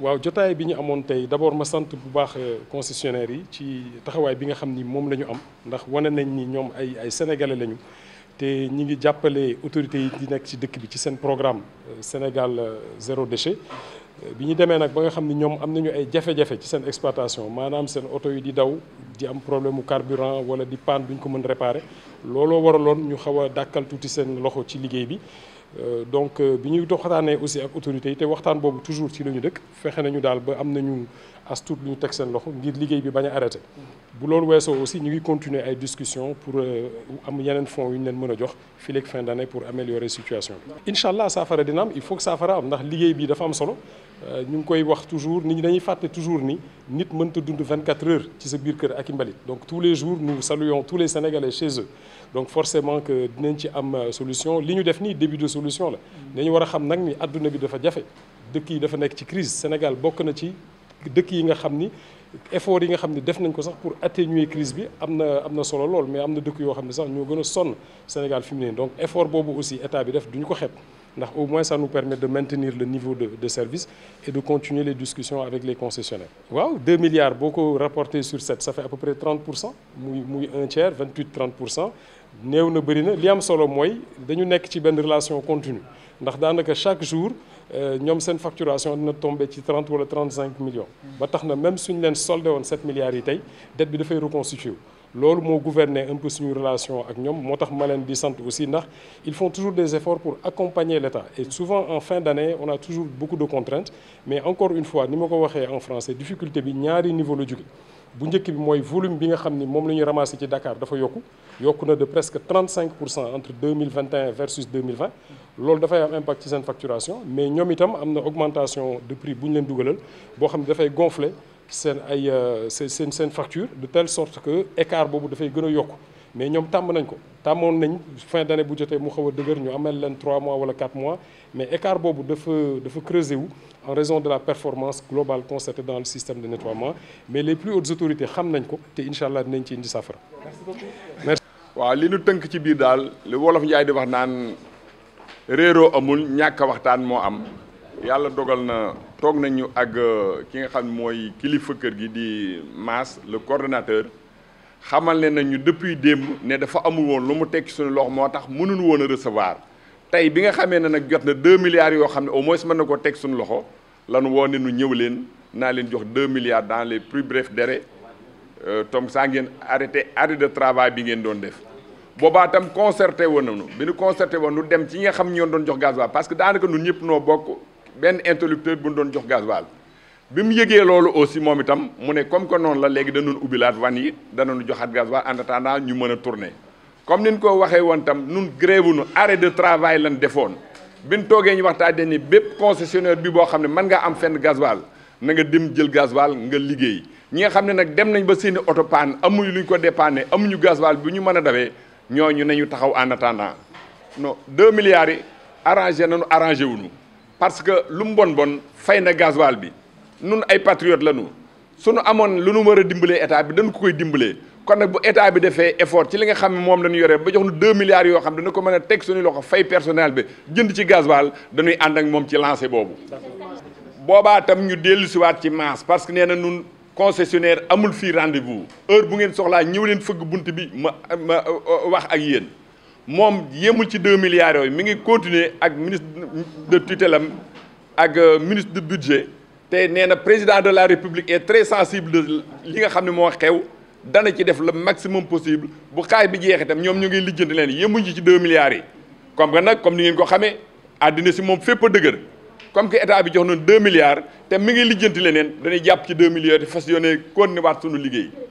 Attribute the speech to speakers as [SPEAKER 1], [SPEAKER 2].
[SPEAKER 1] waaw jotaay bi ñu amoon tey d'abord ma sant bu baax euh, concessionnaire yi ci taxawaay bi nga xam ni moom la ñu am ndax wane nañ ni ñoom ay ay sénégalais lañu te ñi ngi jàppale autorités yi di nekk ci dëkk bi ci seen programme euh, Sénégal euh, zéro déchet bi ñu demee nag ba nga xam ne ñoom am nañu ay jafe-jafe ci seen exploitation maanaam seen oto yu di daw di am problème mu carburant wala di panne duñ ko mën réparer looloo waraloon ñu xaw a dàkkal tuuti seen loxo ci liggéey bi Euh, donc euh, bi ñuy doxataanee aussi ak autorité yi te waxtaan boobu toujours ci la ñu dëkk fexe nañu daal ba am nañu as lu ñu teg seen loxo ngir liggéey bi bañ a arrêté. bu loolu weesoo aussi ñu ngi continuer ay discussions pour euh, am yeneen fonds yu ñu leen mën a jox fii ak fin d'année pour améliorer situation bi. incha allah saafara dina il faut que saafara am ndax liggéey bi dafa am solo. Euh, ñu ngi koy wax toujours nit ñi dañuy fàtte toujours ni nit mënta dund 24 heures ci sa biir kër ak i mbalit donc tous les jours nous saluons tous les Sénégalais chez eux donc forcément que dinañ ci am euh, solution li ñu def nii début de solution la dañu war a xam nag ni àdduna bi dafa jafe dëkk yi dafa nekk ci crise Sénégal bokk na ci dëkk yi nga xam ni effort yi nga xam ne def nañ ko sax pour atténuer crise bi am na am na solo lool mais am na dëkk yoo xam ne sax ñoo gën a sonn Sénégal fi mu ne donc effort boobu aussi bi def duñu ko xeeb ndax au moins ça nous permet de maintenir le niveau de de service et de continuer les discussions avec les concessionnaires. waaw 2 milliards boo ko rapporté sur 7 ça fait à peu près 30 pour cent muy muy un tiers 28 na bëri na li am solo mooy dañu nekk ci benn relation continue ndax daanaka chaque jour euh, ñoom seen facturation dina tombé ci 30 wala 35 millions. ba tax na même suñ leen soldé woon 7 milliards yi tey dette bi dafay reconstitué wu. loolu moo gouverner un peu suñu relation ak ñoom moo tax maleen leen di sant aussi ndax ils font toujours des efforts pour accompagner l'État et souvent en fin d'année on a toujours beaucoup de contraintes mais encore une fois ni ma ko waxee en français difficulté bi ñaari niveau la jóge bu njëkk bi mooy volume bi nga xam ni moom la ñu ramassé ci Dakar dafa yokku yokku na de presque 35 pour cent entre 2021 versus 2020 loolu dafay am impact ci seen facturation mais ñoom itam am na augmentation de bu ñu leen dugalal boo xam ne dafay gonfler seen ay euh, seen seen facture de telle sorte que écart boobu dafay gën a yokku mais ñoom tàmm nañ ko tàmmoon nañ fin d'année bu jotee mu xaw a dëgër ñu amal leen trois mois wala 4 mois mais écart boobu dafa dafa creuser wu en raison de la performance globale constatée dans le système de nettoiement mais les plus hautes autorités xam nañ
[SPEAKER 2] ko te incha allah dinañ ci indi saafara. waaw li nu tënk ci biir daal li wolof Njaay di wax naan réeroo amul ñàkk waxtaan moo am. yàlla dogal na toog nañu ak euh, ki nga xam mooy kilifa kër gi di Mass le coordonnateur xamal ne nañu depuis démb ne dafa amul woon lu mu teg ci suñu loxo moo tax mënul woon a tey bi nga xamee ne nag jot na 2 yoo xam ne au moins mën na koo teg suñu loxo lan woo ne nu ñëw leen naa leen jox deux milliards dans les plus brefs délais euh, tom saa ngeen arrêté arrêt de travail bi ngeen doon def boobaa itam concerté woon nañu bi ñu concerté woon nu dem ci nga xam ñoon doon jox gasoil parce que daanaka ñun ñëpp noo bokk benn interrupteur bu ñu doon jox gasoil bi mu yëgee loolu aussi moom itam mu ne comme que noonu la léegi danoon ubbilaat wan yi danoon joxaat gasoil en attendant ñu mën a tourner comme ni ñu ko waxee woon tam nun grève nu arrêt de travail lan defoon bi nu toogee ñu waxtaan waxtaanee ni bépp concessionnaire bi boo xam ne mën ngaa am fenn gasoil na nga dem jël gasoil nga liggéey ñi nga xam ne nag dem nañ ba seeni oto panne amuñu lu ñu ko dépanne amuñu gasoil bi ñu mën a dawee ñooñu nañu taxaw en attendant non deux milliards arrangé nañu arrangé wuñu parce que lu mu bon bon fay na gasoil bi nun ay patriote la ñu nu amoon lu nu war a dimbalee état bi dañ ko koy dimbalee kon nag bu état bi defee effort ci li nga xam ne moom lañu yore ba jox nu deux milliards yoo xam dana ko mën a teg suñu loxo fay personnel bi jënd ci gasoil dañuy ànd ak moom ci lancé boobu boobaa tam ñu dellu siwaat ci masse parce que nee na nun concessionnaire amul fii rendez-vous heure bu ngeen soxlaa ñëw leen fëgg bunt bi ma ma wax ak yéen moom yemul ci deux milliards yooyu mi ngi continuer ak ministre de tutelle am ak euh, ministre de budget te nee na président de la république est très sensible de li nga xam ne moo xew dana ci def la maximum possible bu xaay bi jeex itam ñoom ñu ngi lijjanti leen yemuñ ci ci deux milliards yi comme que nag comme ni ngeen ko xamee àddina si moom fépp a dëgër comme que état bi jox noonu deux milliards te mi ngi lijjanti leneen dañuy jàpp ci deux milliards te fas yéene continuer waat liggéey.